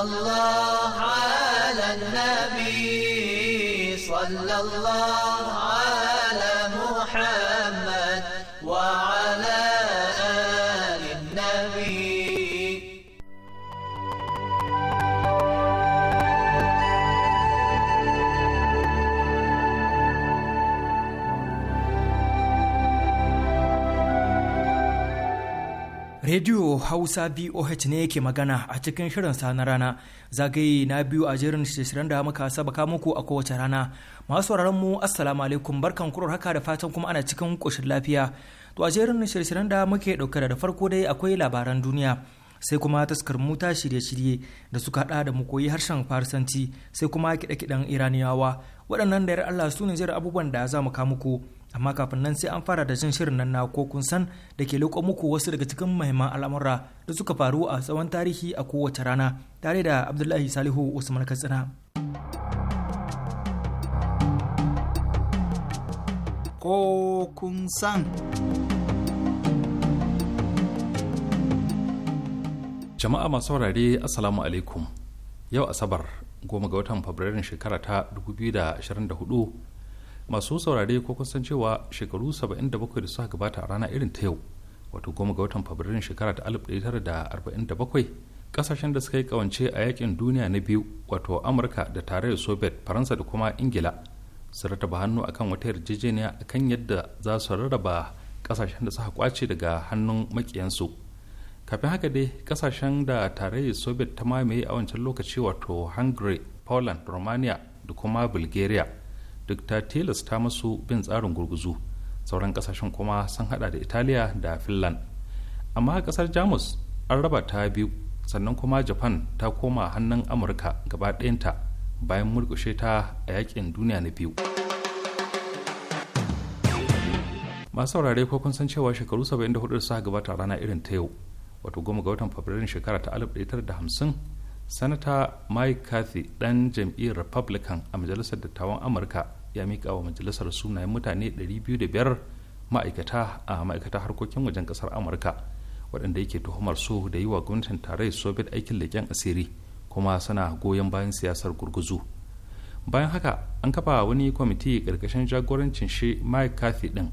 الله على النبي صلى الله على محمد Radio Hausa BOH ne yake magana a cikin shirin sa na rana zagaye na biyu a jerin shirin da muka saba ka muku a kowace rana. Masu sauraron mu assalamu alaikum barkan kurar haka da fatan kuma ana cikin koshin lafiya. To a jerin shirin da muke dauke da farko dai akwai labaran duniya. sai kuma taskar muta shirye-shirye da suka hada da mu koyi harshen farsanci sai kuma kiɗe-kiɗen iraniyawa waɗannan da Allah su ne jira abubuwan da za mu muku amma kafin nan sai an fara da jin shirin nan na ko kun san da ke leƙo muku wasu daga cikin mahimman al'amura da suka faru a tsawon tarihi a kowace rana tare da abdullahi salihu usman katsina ko kun san jama'a masu saurare assalamu alaikum yau asabar goma ga watan fabrairun shekara ta 2024 masu saurare ko kusan cewa shekaru 77 da suka gabata a rana irin ta yau wato goma ga watan fabrairun shekara ta 1947 kasashen da suka yi kawance a yakin duniya na biyu wato amurka da tarayyar soviet faransa da kuma ingila su rataba hannu akan wata yarjejeniya akan yadda za su rarraba kasashen da suka kwace daga hannun makiyansu kafin haka dai kasashen da tarayyar soviet ta mamaye a wancan lokaci wato hungary poland romania da kuma bulgaria duk ta tilasta masu bin tsarin gurguzu sauran kasashen kuma sun hada da italiya da finland amma kasar jamus an raba ta biyu sannan kuma japan ta koma hannun amurka gaba ɗayanta bayan murkushe ta a yakin duniya na biyu masu saurare ko kun san cewa shekaru 74 suka gabata rana irin ta yau wato goma ga watan fabrairun shekara ta alif da hamsin sanata mike cathy dan jam'iyyar republican a majalisar dattawan amurka ya mika wa majalisar sunayen mutane biyu da biyar ma'aikata a ma'aikata harkokin wajen kasar amurka waɗanda yake tuhumar su da yi wa gwamnatin tarayyar soviet aikin leƙen asiri kuma suna goyon bayan siyasar gurguzu bayan haka an kafa wani kwamiti ƙarƙashin jagorancin shi mike cathy din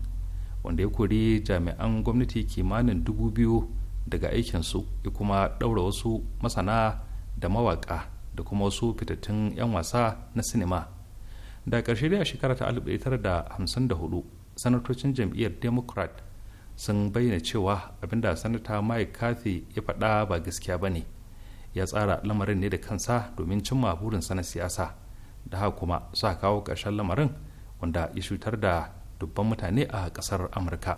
wanda ya kori jami'an gwamnati kimanin dubu biyu daga aikinsu ya kuma ɗaura wasu masana da mawaƙa da kuma wasu fitattun 'yan wasa na sinima da ƙarshe a shekara ta 1954 sanatocin jam'iyyar democrat sun bayyana cewa abinda sanata mike cathy ya faɗa ba gaskiya ba ne ya tsara lamarin ne da kansa domin cimma burinsa na siyasa da haka kuma sa kawo ƙarshen lamarin wanda ya cutar da dubban mutane a ƙasar amurka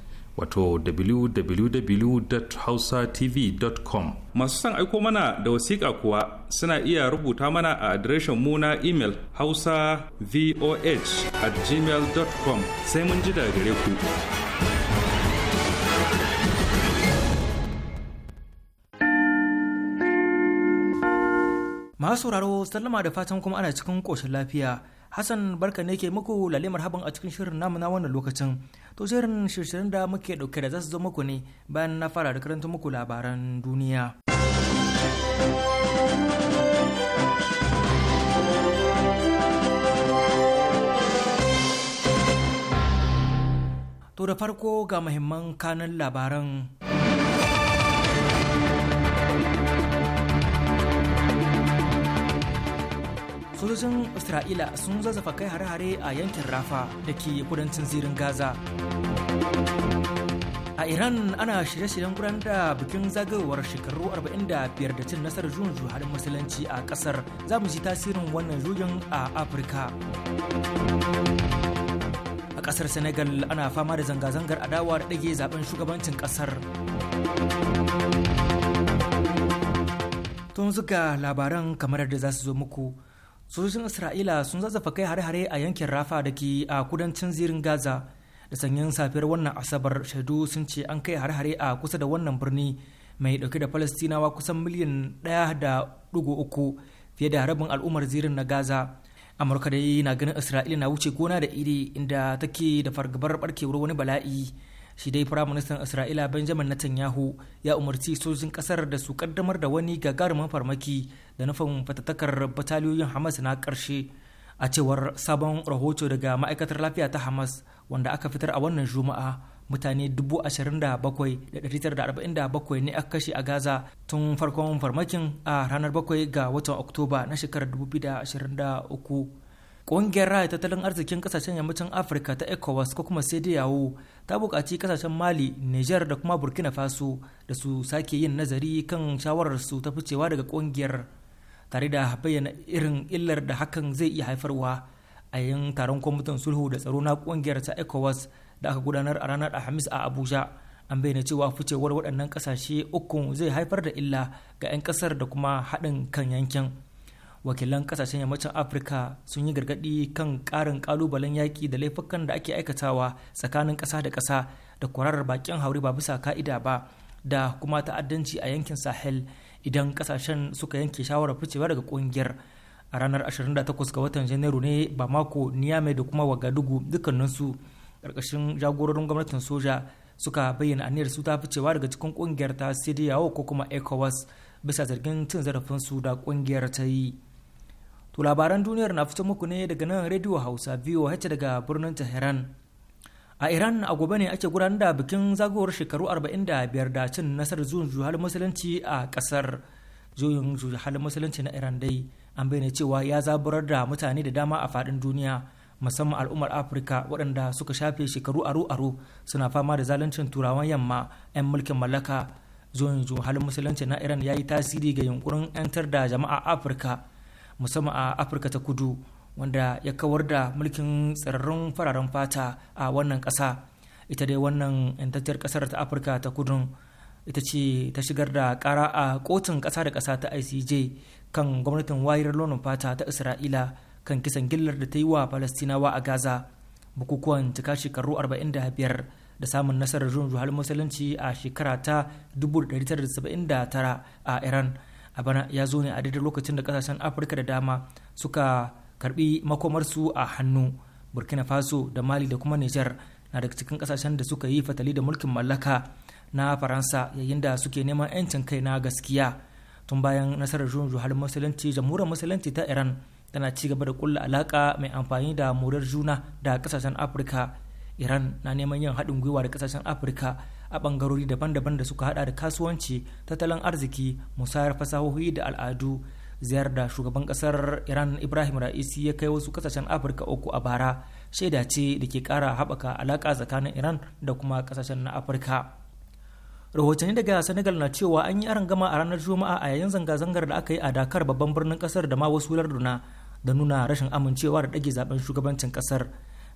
wato www.hausatv.com masu son aiko mana da wasiƙa kuwa suna iya rubuta mana a adireshin mu na imel hausa voh at gmail.com sai mun ji daga gare ku masu sauraro sallama da fatan kuma ana cikin ƙoshin lafiya Hassan barka ne ke muku lalle haban a cikin shirin namu na wannan lokacin. To shirin shirin da muke dauke da zasu zo muku ne bayan na fara da karanta muku labaran duniya. To da farko ga muhimman kanan labaran sojojin isra'ila sun zazzafa kai hare-hare a yankin rafa da ke kudancin zirin gaza a iran ana shirye-shiryen gudanar da bikin zagayowar shekaru 45 da cin nasarar juyin juhadin musulunci a kasar za mu ji tasirin wannan juyin a afirka a kasar senegal ana fama da zanga-zangar adawa da ɗage zaben shugabancin kasar tun suka labaran kamar da za su zo muku sojojin isra'ila sun zazzafa kai hare-hare a yankin rafa da ke a kudancin zirin gaza da sanyin safiyar wannan asabar shaidu sun ce an kai hare-hare a kusa da wannan birni mai dauke da falastinawa kusan miliyan ɗaya da uku fiye da rabin al'ummar zirin na gaza amurka dai na ganin isra'ila na wuce gona da iri inda take da fargabar barkewar wani bala'i shi dai firaministan isra'ila benjamin netanyahu ya umarci sojin kasar da su kaddamar da wani gagarumin farmaki da nufin fatattakar bataliyoyin hamas na karshe a cewar sabon rahoto daga ma'aikatar lafiya ta hamas wanda aka fitar a wannan juma'a mutane 27,947 ne aka kashe a gaza tun farkon farmakin a ranar 7 ga watan oktoba na shekarar 2023 ƙungiyar raya tattalin arzikin kasashen yammacin afirka ta ecowas ko kuma sai yawo ta buƙaci kasashen mali niger da kuma burkina faso da su sake yin nazari kan shawararsu ta ficewa daga ƙungiyar tare da bayyana irin illar da hakan zai iya haifarwa a yayin taron kwamitin sulhu da tsaro na ƙungiyar ta ecowas da aka gudanar a ranar alhamis a abuja an bayyana cewa ficewar waɗannan ƙasashe uku zai haifar da illa ga 'yan ƙasar da kuma haɗin kan yankin wakilan kasashen yammacin afirka sun yi gargadi kan karin kalubalen yaƙi da laifukan da ake aikatawa tsakanin ƙasa da ƙasa da kwararar bakin hauri ba bisa ka'ida ba da kuma ta'addanci a yankin sahel idan ƙasashen suka yanke shawarar ficewa daga ƙungiyar a ranar 28 ga watan janairu ne ba bamako niamey da kuma wagadugu dukkaninsu ƙarƙashin jagororin gwamnatin soja suka bayyana aniyar su ta ficewa daga cikin ƙungiyar ta cdao ko kuma ecowas bisa zargin cin zarafin su da ƙungiyar ta yi To labaran duniyar na fito muku ne daga nan Radio Hausa VOH daga birnin Tehran. A Iran a gobe ne ake gudanar da bikin zagowar shekaru 45 da cin nasarar zuwan juhal musulunci a kasar. Zuwan juhal musulunci na Iran dai an bayyana cewa ya zaburar da mutane da dama a faɗin duniya. musamman al'ummar afirka waɗanda suka shafe shekaru aro-aro suna fama da zaluncin turawan yamma 'yan mulkin mallaka zuwan juhal musulunci na iran ya yi tasiri ga yunkurin 'yantar da jama'a afirka musamman a afirka ta kudu wanda ya kawar da mulkin tsirarrun fararen fata a wannan ƙasa ita dai wannan yantacciyar ƙasar ta afirka ta kudu ita ce ta shigar da kara a kotun ƙasa da kasa ta icj kan gwamnatin wayar launin fata ta isra'ila kan kisan gillar da ta yi wa falastinawa a gaza bukukuwan cika shekaru 45 da samun nasarar jun juhal musulunci a shekara ta 1979 a iran a bana ya zo ne a daidai lokacin da kasashen afirka da dama suka karbi makomarsu a hannu burkina faso da mali da kuma niger na daga cikin kasashen da suka yi fatali da mulkin mallaka na faransa yayin da suke neman 'yancin kai na gaskiya tun bayan nasarar juyin juhar musulunci jamhuriyar musulunci ta iran tana ci gaba da kulla alaka mai amfani da morar juna da kasashen afirka iran na neman yin haɗin gwiwa da kasashen afirka a bangarori daban-daban da suka hada da kasuwanci tattalin arziki musayar fasahohi da al'adu ziyar da shugaban kasar iran ibrahim ra'isi ya kai wasu kasashen afirka uku a bara shaida ce da ke kara haɓaka alaƙa tsakanin iran da kuma kasashen na afirka rahotanni daga senegal na cewa an yi gama a ranar juma'a a yayin zanga-zangar da aka yi a dakar babban birnin kasar da ma wasu larduna da nuna rashin amincewa da ɗage zaben shugabancin kasar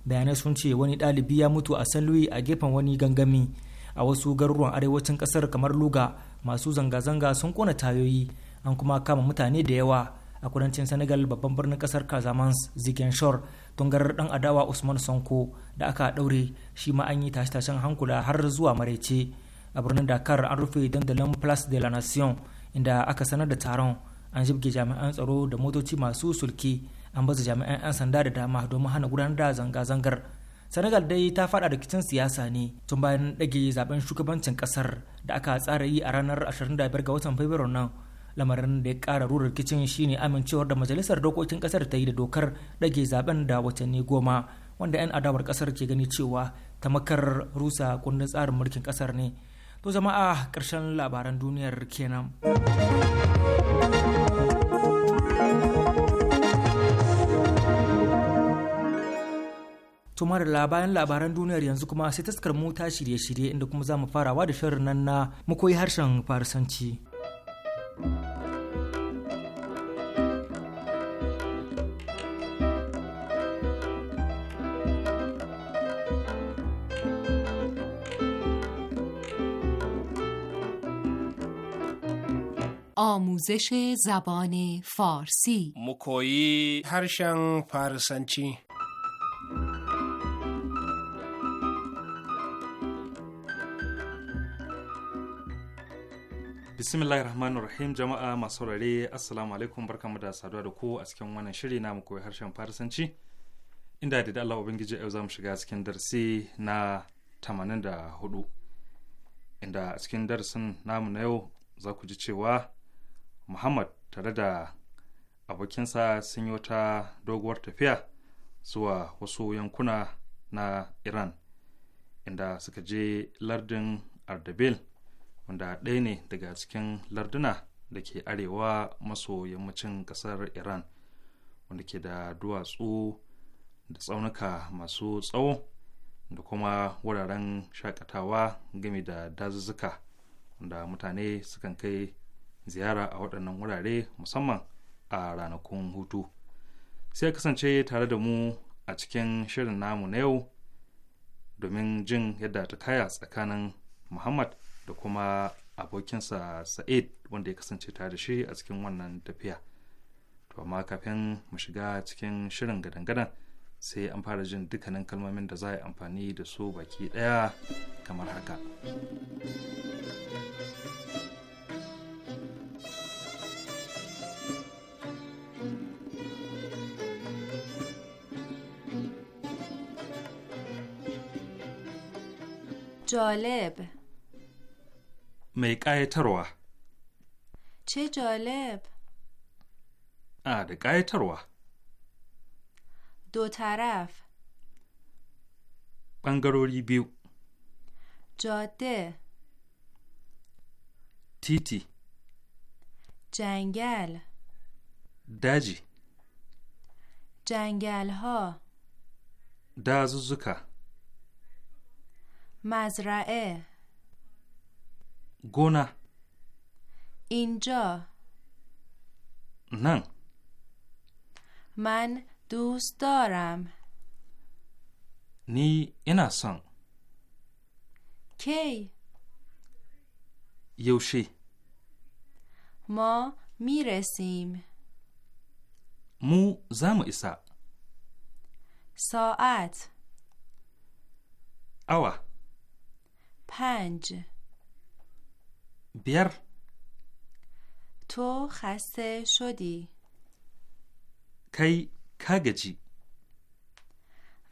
bayanai sun ce wani ɗalibi ya mutu a san a gefen wani gangami a wasu garuruwan arewacin kasar kamar luga masu zanga-zanga sun kona tayoyi an kuma kama mutane da yawa a kudancin senegal babban birnin kasar casamance zigenshore tungarar dan adawa usman sonko da aka daure shi ma an yi tashe-tashen hankula har zuwa maraice a birnin dakar an rufe dandalin place de la nation inda aka sanar da taron an jibge jami'an tsaro da motoci masu sulki an baza jami'an 'yan sanda da dama domin hana gudanar da zanga-zangar senegal dai ta fada rikicin siyasa ne tun bayan dage zaben shugabancin kasar da aka tsara yi a ranar 25 ga watan fabrairu nan lamarin da ya kara rura rikicin shine amincewar da majalisar dokokin kasar ta yi da dokar dage zaben da watanni goma wanda 'yan adawar kasar ke gani cewa tamakar rusa kundin tsarin mulkin kasar ne to jama'a karshen labaran duniyar kenan tumar da bayan labaran duniyar yanzu kuma sai taskar mu ta shirye-shirye inda kuma za mu farawa da shirin nan na mukoyi harshen farisanci. آموزش زبان فارسی مکویی هرشن فارسنچی bismillahir rahmanir rahim jama'a masu rare assalamu alaikum barkamu da saduwa da ku a cikin wannan shiri na koyi harshen farisanci inda da Allah ubangiji yau za mu shiga cikin darasi na 84 inda a cikin darasin namu na yau za ku ji cewa muhammad tare da abokinsa sun yi wata doguwar tafiya zuwa wasu yankuna na iran inda suka je lardin ardabil wanda ɗaya ne daga cikin larduna da ke arewa maso yammacin ƙasar iran wanda ke da duwatsu da tsaunuka masu tsawo da kuma wuraren shakatawa game da dazuzzuka wanda mutane sukan kai ziyara a waɗannan wurare musamman a ranakun hutu sai kasance tare da mu a cikin shirin namu na yau domin jin yadda ta kaya tsakanin muhammad da kuma abokinsa sa'id wanda ya kasance tare da shi a cikin wannan tafiya to amma kafin mu shiga cikin shirin gadangadan sai an fara jin dukkanin kalmomin da za a yi amfani da su baki ɗaya kamar haka. جالب mai ƙayatarwa. Ce jaleb. A da ƙayatarwa. Dotaraf. Ɓangarori biyu. Jote. Titi. Jangal. Daji. Jangal ha. Dazuzuka. Mazra'e. گونه اینجا نن من دوست دارم نی اینا سان کی یوشی ما میرسیم مو زم ایسا ساعت اوه پنج بیر تو خسته شدی کی کگجی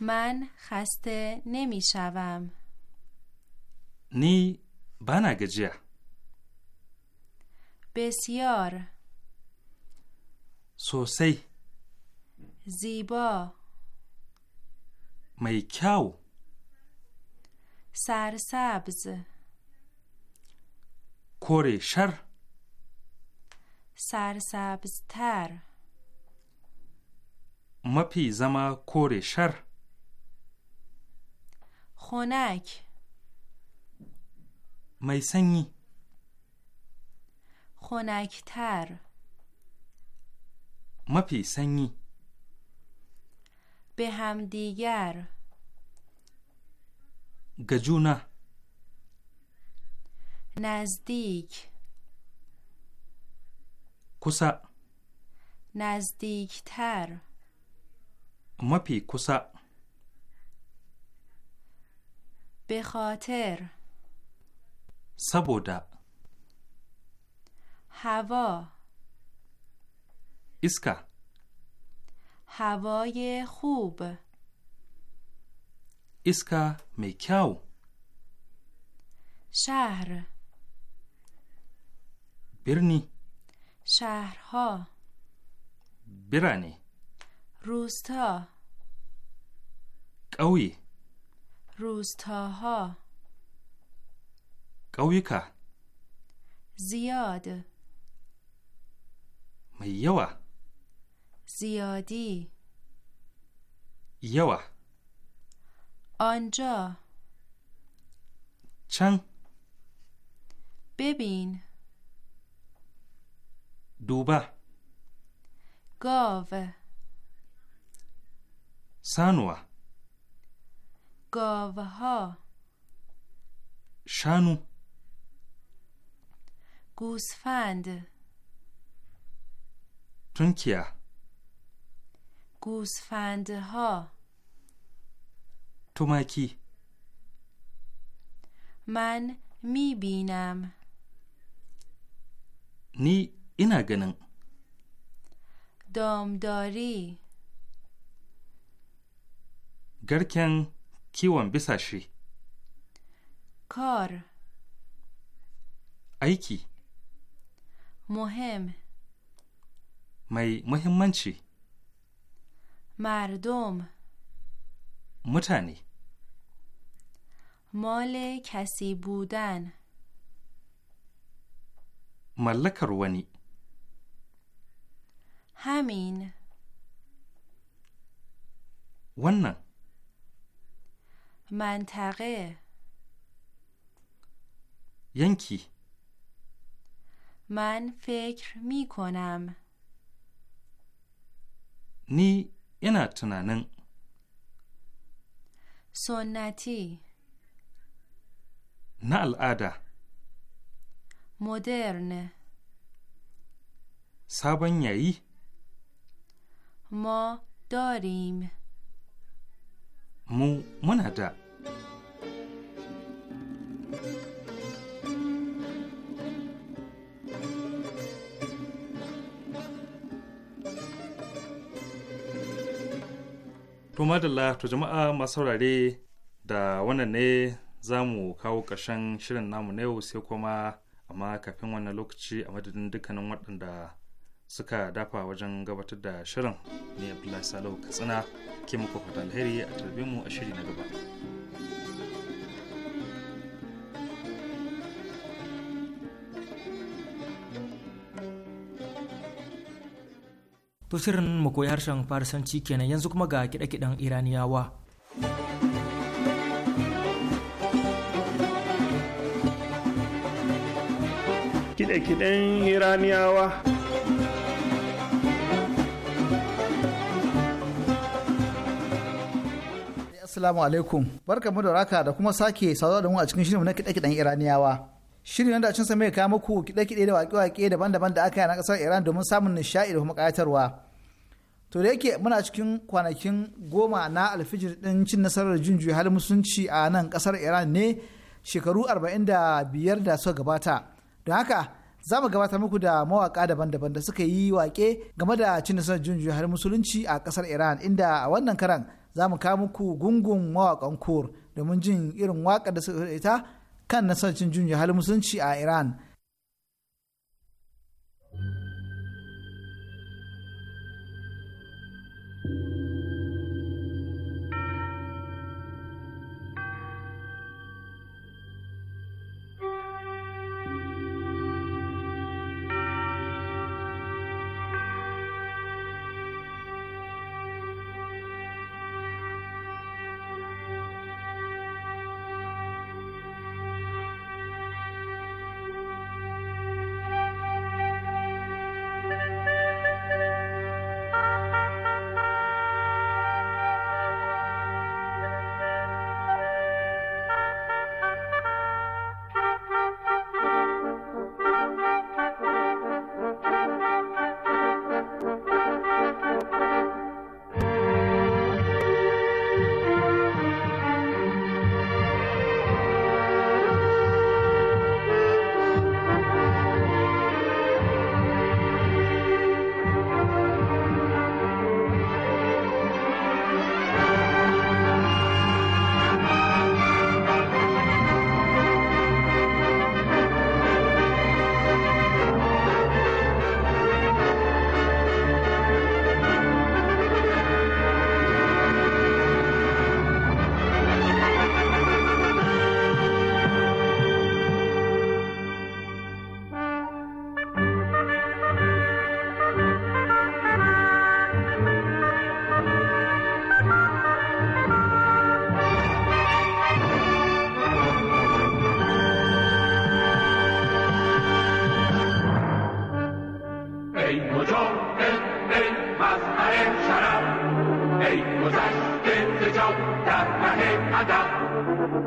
من خسته نمی شوم نی بنگجه بسیار سوسی زیبا میکاو سرسبز کره شر سرسبزتر مپی زما کره شر خونک میسنی تر مپی سنی به همدیگر گجونه نزدیک کسا نزدیکتر مپی کسا به خاطر سبودا هوا اسکا هوای خوب اسکا میکاو شهر برنی شهرها برانی روستا قوی روستاها قوی که زیاد میوا زیادی یوا آنجا چن ببین duba gove sanuwa gove ha shanu gusfand tunkiya gusfand ha tumaki man mibinam ni ina ganin domdori garken kiwon bisashe kar aiki muhim mai muhimmanci mardom mutane mole kasi budan mallakar wani Hamin? Wannan. Man Yanki. Man fakir mi ko nam. Ni ina tunanin. Sonnati. Na al'ada. Moodern. Sabon yayi? ما داریم مو منده To madalla to jama'a masu saurare da wannan ne za mu kawo ƙarshen shirin namu na yau sai kuma amma kafin wannan lokaci a madadin dukkanin waɗanda suka dafa wajen gabatar da shirin ne abdullahi salau katsina ke muku fata alheri a tarbe mu a shiri na gaba to shirin mu koyi harshen farisanci kenan yanzu kuma ga kiɗe-kiɗen iraniyawa kiɗe-kiɗen iraniyawa Assalamu alaikum. Barka mu da raka da kuma sake saduwa da mu a cikin shirin na kiɗe-kiɗen Iraniyawa. Shirin da cin sa mai kawo muku kiɗe-kiɗe da waƙe-waƙe daban-daban da aka yi na ƙasar Iran domin samun nishaɗi da kuma ƙayatarwa. To da yake muna cikin kwanakin goma na alfijir ɗin cin nasarar jin juyi halin musulunci a nan ƙasar Iran ne shekaru arba'in da biyar da suka gabata. Don haka za mu gabatar muku da mawaka daban-daban da suka yi waƙe game da cin nasarar jin juyi halin musulunci a ƙasar Iran inda a wannan karan za mu kawo muku gungun mawakan kur domin jin irin waka da suka ita kan nasarcin juyin halin musulunci a iran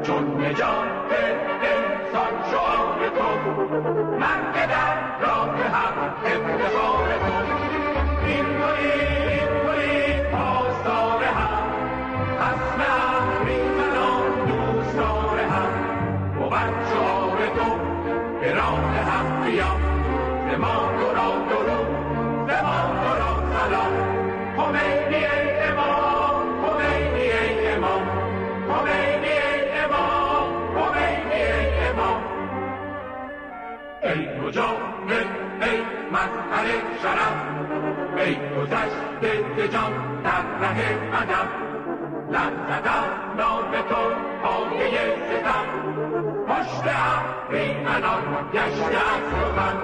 چون نجات انسان شعار تو من که در راه حق افتخار تو این گلی این گلی پاسدار هم خسم اهریمنان دوستار هم بود شعار تو به راه حق بیا ما تو سمر شرف ای گذشت ز در ره ادب لب زدم نام تو پایه ستم پشت اهریمنان گشته از سخن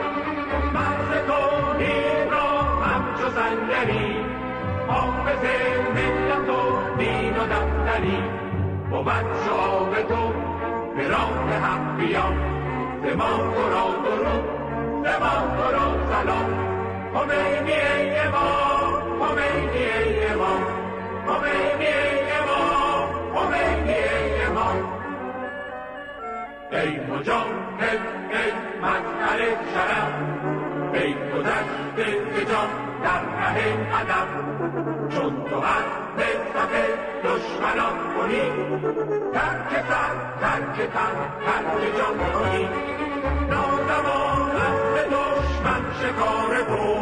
مرز تو نیم را همچو سنگری حافظ ملت و دین و دفتری بود شعار تو به راه حق بیان زما تو را درو امام برو سلام امام امام امام امام ای ای در ره چون تو دشمنان ترک سر ترک تن کنی نازمان دشمن شکار تو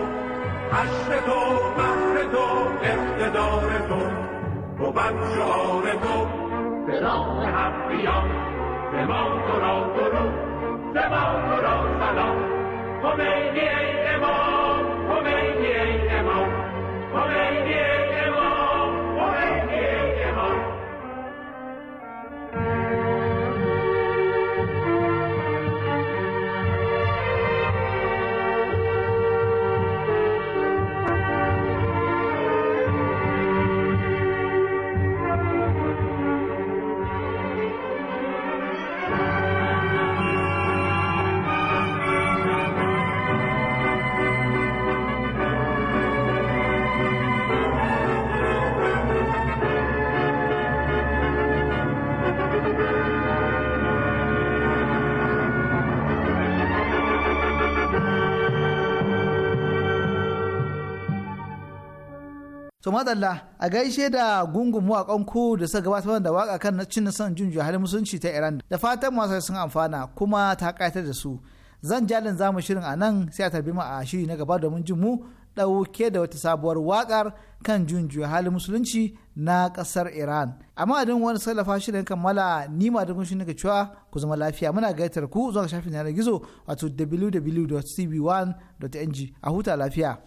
عشق تو بحر تو اقتدار تو بد شعار تو به راه حق به زما تو را درو زما تو را سلام خمینی ای امام madalla a gaishe da gungun mawakan ku da suka gabatar da waka kan cin san jin halin musulunci ta Iran da fatan masu sun amfana kuma ta kaitar da su. Zan jalin zamu shirin a nan sai a tarbi mu a shiri na gaba domin jin mu ɗauke da wata sabuwar wakar kan jin halin musulunci na kasar Iran. Amma adin wani sallafa shirin kammala ni ma da kunshi nake cewa ku zama lafiya muna gaitar ku zuwa shafin yanar gizo wato www.cb1.ng a huta lafiya.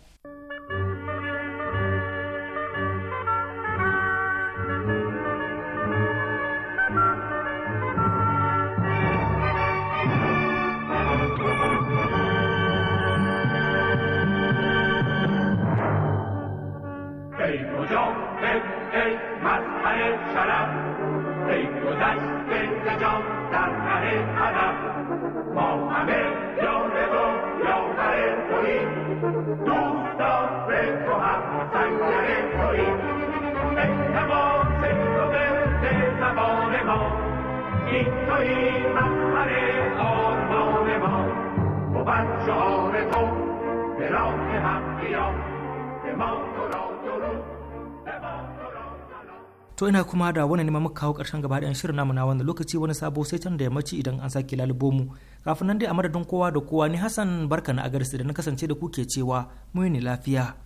to ina kuma da wani neman muka kawo karshen gaba da shirin namu na wanda lokaci wani sabo sai can da yammaci idan an sake lalubo mu kafin nan dai a madadin kowa da kowa ni Hassan barka na agarsi da na kasance da kuke ke cewa mu ne lafiya